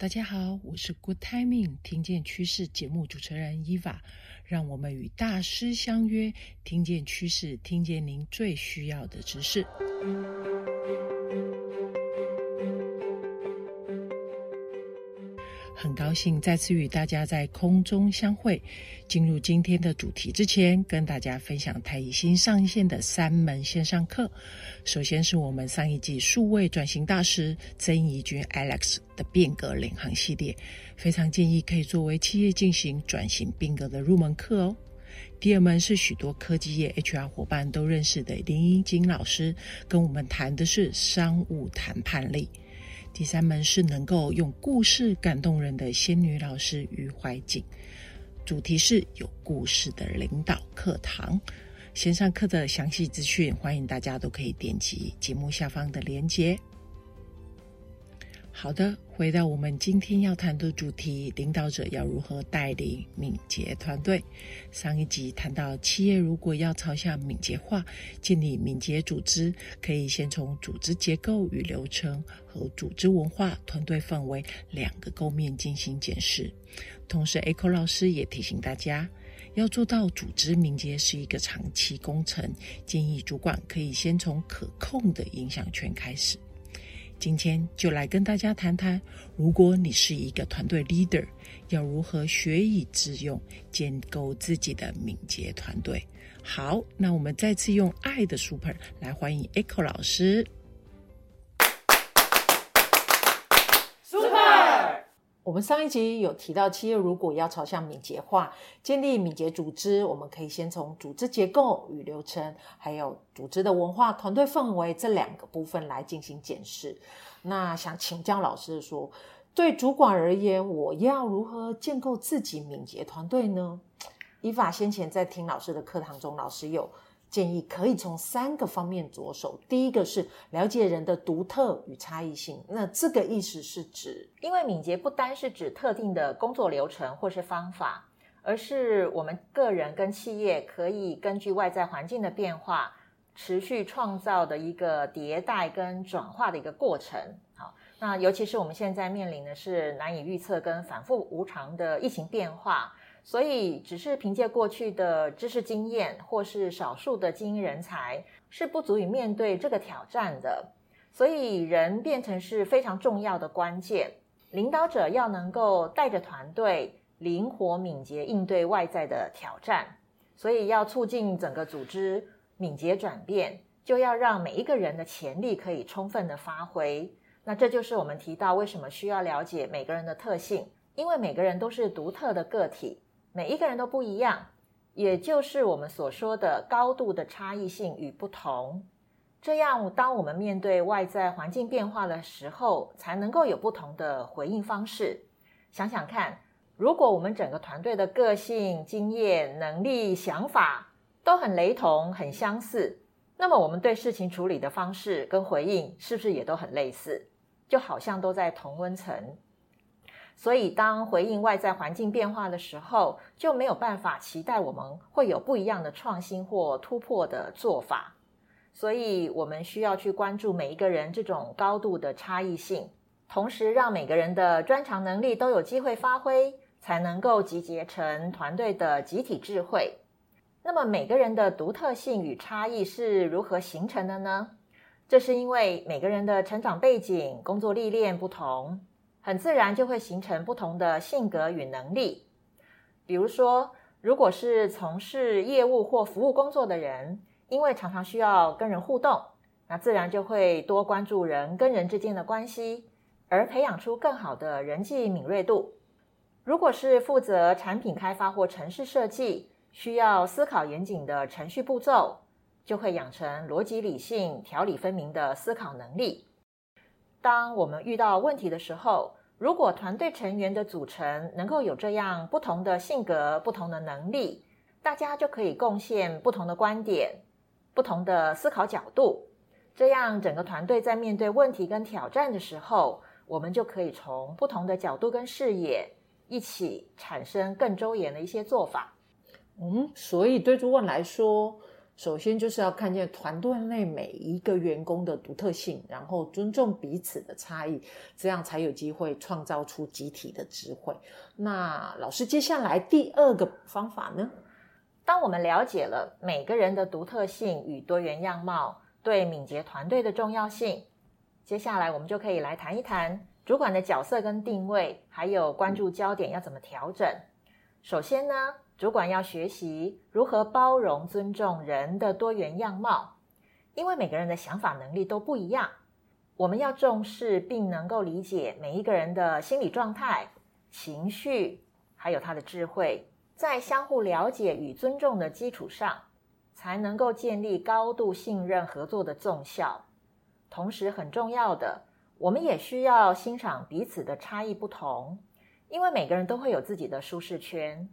大家好，我是 Good Timing，聽見趨勢節目主持人伊娃，讓我們與大師相約，聽見趨勢，聽見您最需要的知識。很高興再次與大家在空中相會。進入今天的主題之前，跟大家分享太毅新上線的三門線上課。首先是我們上一季數位轉型大師曾怡君 Alex 的變革領航系列，非常建議可以作為企業進行轉型變革的入門課哦。第二門是許多科技業 HR 夥伴都認識的林英錦老師，跟我們談的是商務談判力。第三門是能夠用故事感動人的仙女老師余懷瑾，主題是有故事的領導課堂。先上課的詳細資訊，歡迎大家都可以點擊節目下方的鏈接。好的，回到我們今天要談的主題：領導者要如何帶領敏捷團隊？上一集談到，企業如果要朝向敏捷化，建立敏捷組織，可以先從組織結構與流程和組織文化、團隊氛圍兩個構面進行檢視。同時，Echo 老師也提醒大家，要做到組織敏捷是一個長期工程，建議主管可以先從可控的影響圈開始。今天就來跟大家談談，如果你是一個團隊 leader，要如何學以致用，建構自己的敏捷團隊。好，那我們再次用愛的 super 來歡迎 Echo 老師。我們上一集有提到，企業如果要朝向敏捷化，建立敏捷組織，我們可以先從組織結構與流程，還有組織的文化、團隊氛圍這兩個部分來進行檢視。那想請教老師說，對主管而言，我要如何建構自己敏捷團隊呢？Eva 先前在聽老師的課堂中，老師有。建議可以從三個方面着手。第一個是了解人的獨特與差異性。那這個意思是指，因為敏捷不單是指特定的工作流程或是方法，而是我們個人跟企業可以根據外在環境的變化，持續創造的一個迭代跟轉化的一個過程。好，那尤其是我們現在面臨的是難以預測跟反覆無常的疫情變化。所以，只是憑借過去的知識經驗，或是少數的精英人才，是不足以面對這個挑戰的。所以，人變成是非常重要的關鍵。領導者要能夠帶着團隊，靈活敏捷應對外在的挑戰。所以，要促進整個組織敏捷轉變，就要讓每一個人的潛力可以充分的發揮。那這就是我們提到為什麼需要了解每個人的特性，因為每個人都是獨特的個體。每一個人都不一樣，也就是我們所說的高度的差異性與不同。這樣，當我們面對外在環境變化的時候，才能夠有不同的回應方式。想想看，如果我們整個團隊的個性、經驗、能力、想法都很雷同、很相似，那麼我們對事情處理的方式跟回應是不是也都很類似？就好像都在同溫層。所以，當回應外在環境變化的時候，就沒有辦法期待我們會有不一樣的創新或突破的做法。所以，我們需要去關注每一個人這種高度的差異性，同時讓每個人的專長能力都有機會發揮，才能夠集結成團隊的集體智慧。那麼，每個人的獨特性與差異是如何形成的呢？這是因為每個人的成長背景、工作歷練不同。很自然就會形成不同的性格與能力。比如說，如果是從事業務或服務工作的人，因為常常需要跟人互動，那自然就會多關注人跟人之間的關係，而培養出更好的人際敏銳度。如果是負責產品開發或程式設計，需要思考嚴謹的程序步驟，就會養成邏輯理性、條理分明的思考能力。當我們遇到問題的時候，如果團隊成員的組成能夠有這樣不同的性格、不同的能力，大家就可以貢獻不同的觀點、不同的思考角度，這樣整個團隊在面對問題跟挑戰的時候，我們就可以從不同的角度跟視野一起產生更周延的一些做法。嗯，所以對諸位來說，首先就是要看見團隊內每一個員工的獨特性，然後尊重彼此的差異，這樣才有機會創造出集體的智慧。那老師接下來第二個方法呢？當我們了解了每個人的獨特性與多元樣貌，對敏捷團隊的重要性，接下來我們就可以來談一談主管的角色跟定位，還有關注焦點要怎麼調整。首先呢，主管要學習如何包容、尊重人的多元樣貌，因為每個人的想法、能力都不一樣。我們要重視並能夠理解每一個人的心理狀態、情緒，還有他的智慧，在相互了解與尊重的基礎上，才能夠建立高度信任、合作的綜效。同時，很重要的，我們也需要欣賞彼此的差異不同，因為每個人都會有自己的舒適圈。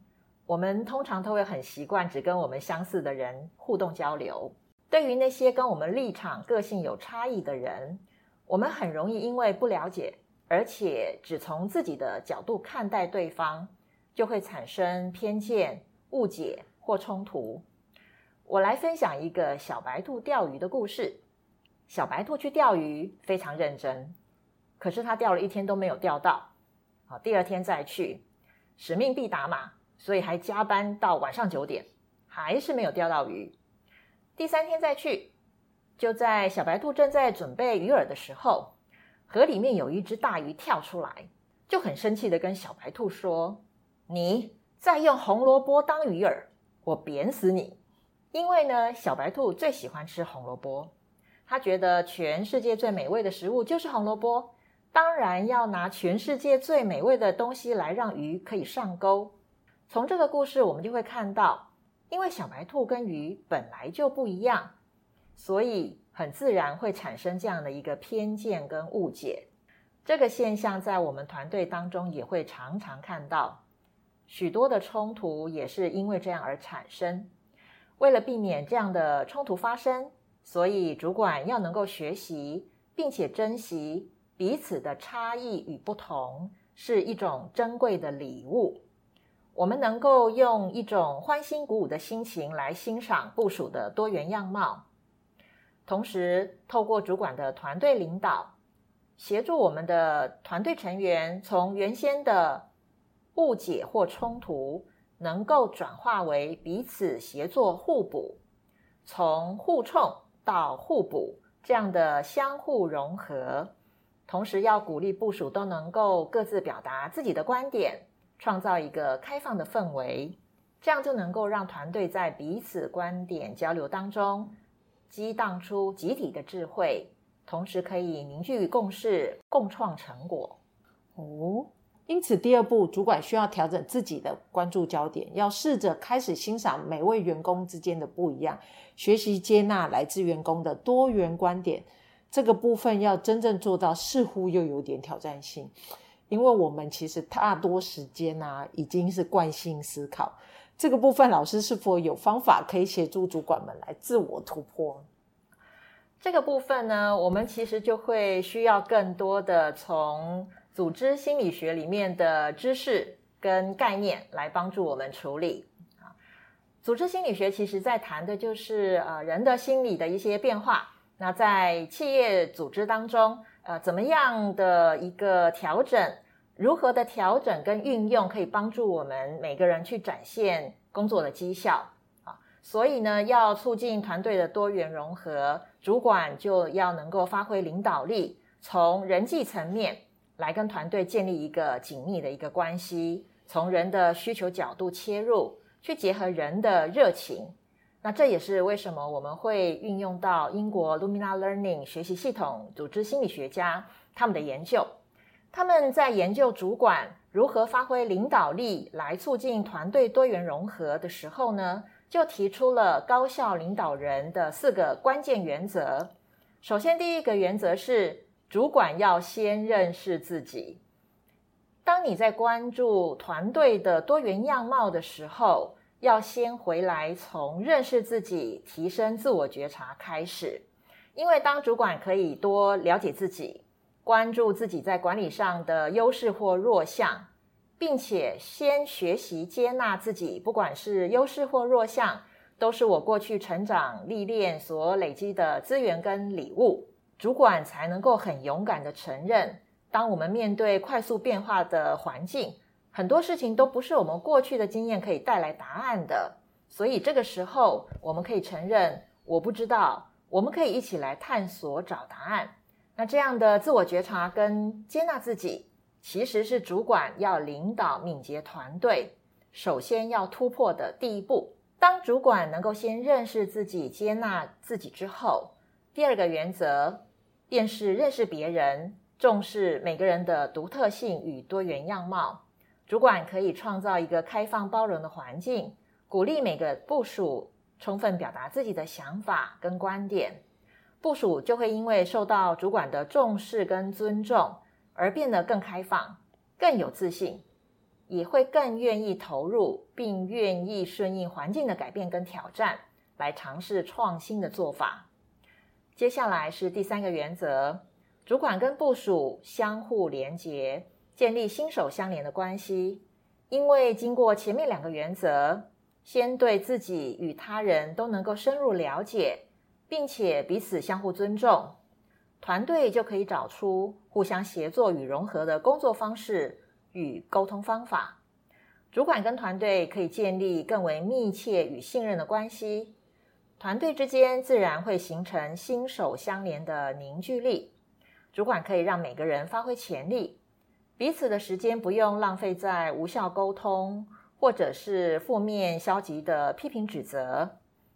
我們通常都會很習慣只跟我們相似的人互動交流。對於那些跟我們立場、個性有差異的人，我們很容易因為不了解，而且只從自己的角度看待對方，就會產生偏見、誤解或衝突。我來分享一個小白兔釣魚的故事。小白兔去釣魚，非常認真，可是它釣了一天都沒有釣到。好，第二天再去，使命必達嘛。所以還加班到晚上九點，還是沒有釣到魚。第三天再去，就在小白兔正在準備魚餌的時候，河裡面有一隻大魚跳出來，就很生氣的跟小白兔說：“你再用紅蘿蔔當魚餌，我扁死你！”因為呢，小白兔最喜歡吃紅蘿蔔，他覺得全世界最美味的食物就是紅蘿蔔，當然要拿全世界最美味的東西來讓魚可以上鈎。從這個故事我們就會看到，因為小白兔跟魚本來就不一樣，所以很自然會產生這樣的一個偏見跟誤解。這個現象在我們團隊當中也會常常看到，許多的衝突也是因為這樣而產生。為了避免這樣的衝突發生，所以主管要能夠學習，並且珍惜彼此的差異與不同，是一種珍貴的禮物。我們能夠用一種歡欣鼓舞的心情來欣賞部屬的多元樣貌，同時透過主管的團隊領導，協助我們的團隊成員從原先的誤解或衝突，能夠轉化為彼此協作互補，從互衝到互補這樣的相互融合。同時，要鼓勵部屬都能夠各自表達自己的觀點。創造一個開放的氛圍，這樣就能夠讓團隊在彼此觀點交流當中激盪出集體的智慧，同時可以凝聚共識，共創成果。哦，因此第二步，主管需要調整自己的關注焦點，要試着開始欣賞每位員工之間的不一樣，學習接納來自員工的多元觀點。這個部分要真正做到，似乎又有點挑戰性。因為我們其實大多時間呢，啊，已經是慣性思考。這個部分，老師是否有方法可以協助主管們來自我突破？這個部分呢，我們其實就會需要更多的從組織心理學裡面的知識跟概念來幫助我們處理。啊，組織心理學其實在談的就是，呃，人的心理的一些變化。那在企業組織當中，呃，怎麼樣的一個調整？如何的調整跟運用可以幫助我們每個人去展現工作的績效啊。所以呢，要促進團隊的多元融合，主管就要能夠發揮領導力，從人際層面來跟團隊建立一個緊密的一個關係，從人的需求角度切入，去結合人的熱情。那這也是為什麼我們會運用到英國 Lumina Learning 學習系統組織心理學家他們的研究，他們在研究主管如何發揮領導力來促進團隊多元融合的時候呢，就提出了高效領導人的四個關鍵原則。首先，第一個原則是主管要先認識自己。當你在關注團隊的多元樣貌的時候，要先回來，從認識自己、提升自我覺察開始。因為當主管可以多了解自己，關注自己在管理上的優勢或弱項，並且先學習接納自己，不管是優勢或弱項，都是我過去成長歷練所累積的資源跟禮物。主管才能夠很勇敢的承認，當我們面對快速變化的環境，很多事情都不是我們過去的經驗可以帶來答案的，所以這個時候我們可以承認我不知道，我們可以一起來探索找答案。那這樣的自我覺察跟接納自己，其實是主管要領導敏捷團隊首先要突破的第一步。當主管能夠先認識自己、接納自己之後，第二個原則便是認識別人，重視每個人的獨特性與多元樣貌。主管可以創造一個開放包容的環境，鼓勵每個部屬充分表達自己的想法跟觀點。部屬就會因為受到主管的重視跟尊重，而變得更開放、更有自信，也會更願意投入，並願意順應環境的改變跟挑戰，來嘗試創新的做法。接下來是第三個原則：主管跟部屬相互連結。建立心手相連的關係，因為經過前面兩個原則，先對自己與他人都能夠深入了解，並且彼此相互尊重，團隊就可以找出互相協作與融合的工作方式與溝通方法。主管跟團隊可以建立更為密切與信任的關係，團隊之間自然會形成心手相連的凝聚力。主管可以讓每個人發揮潛力。彼此的時間不用浪費在無效溝通，或者是負面、消極的批評、指責，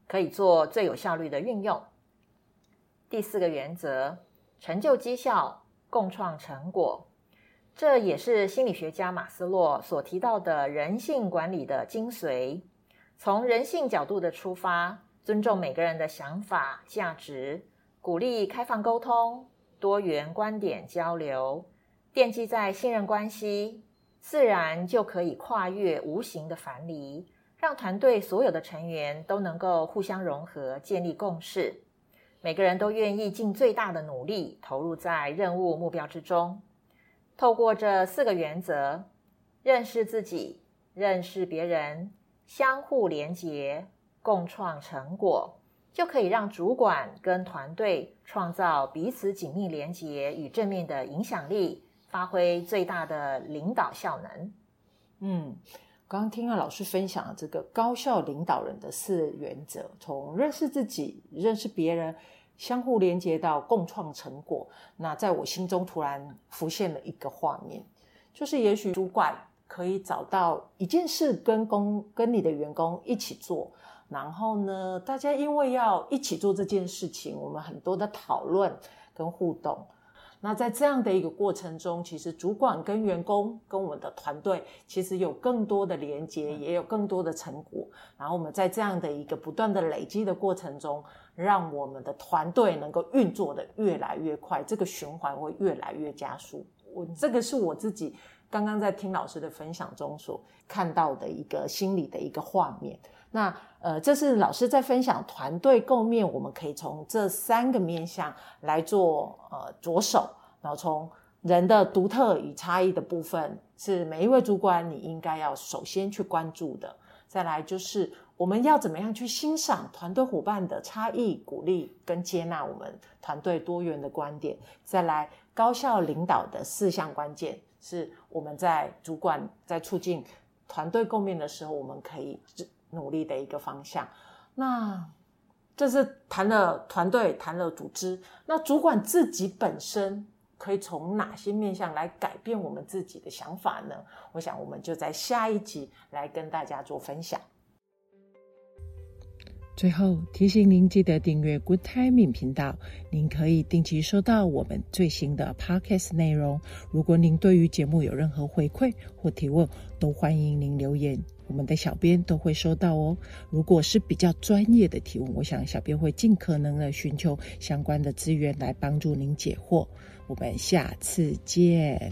可以做最有效率的運用。第四個原則：成就績效，共創成果。這也是心理學家馬斯洛所提到的人性管理的精髓。從人性角度的出發，尊重每個人的想法、價值，鼓勵開放溝通、多元觀點交流。奠基在信任關係，自然就可以跨越無形的樊籬，讓團隊所有的成員都能夠互相融合，建立共識。每個人都願意盡最大的努力投入在任務目標之中。透過這四個原則：認識自己、認識別人、相互連結、共創成果，就可以讓主管跟團隊創造彼此緊密連結與正面的影響力。發揮最大的領導效能。嗯，剛剛聽到老師分享這個高效領導人的四原則，從認識自己、認識別人、相互連接到共創成果。那在我心中突然浮現了一個畫面，就是也許主管可以找到一件事跟工跟你的員工一起做，然後呢，大家因為要一起做這件事情，我們很多的討論跟互動。那在這樣的一個過程中，其實主管跟員工跟我們的團隊，其實有更多的連接，也有更多的成果。嗯、然後我們在這樣的一個不斷的累積的過程中，讓我們的團隊能夠運作的越來越快，這個循環會越來越加速。嗯、我這個是我自己剛剛在聽老師的分享中所看到的一個心裡的一個畫面。那呃，這是老師在分享團隊構面，我們可以從這三個面向來做呃着手。然後從人的獨特與差異的部分，是每一位主管你應該要首先去關注的。再來就是我們要怎麼樣去欣賞團隊夥伴的差異，鼓勵跟接納我們團隊多元的觀點。再來高效領導的四項關鍵。是我們在主管在促進團隊共融的時候，我們可以努力的一個方向。那這是談了團隊，談了組織，那主管自己本身可以從哪些面向來改變我們自己的想法呢？我想我們就在下一集來跟大家做分享。最後提醒您，記得訂閱 Good Timing 頻道，您可以定期收到我們最新的 Podcast 內容。如果您對於節目有任何回饋或提問，都歡迎您留言，我們的小編都會收到哦。如果是比較專業的提問，我想小編會盡可能的尋求相關的資源來幫助您解惑。我們下次見。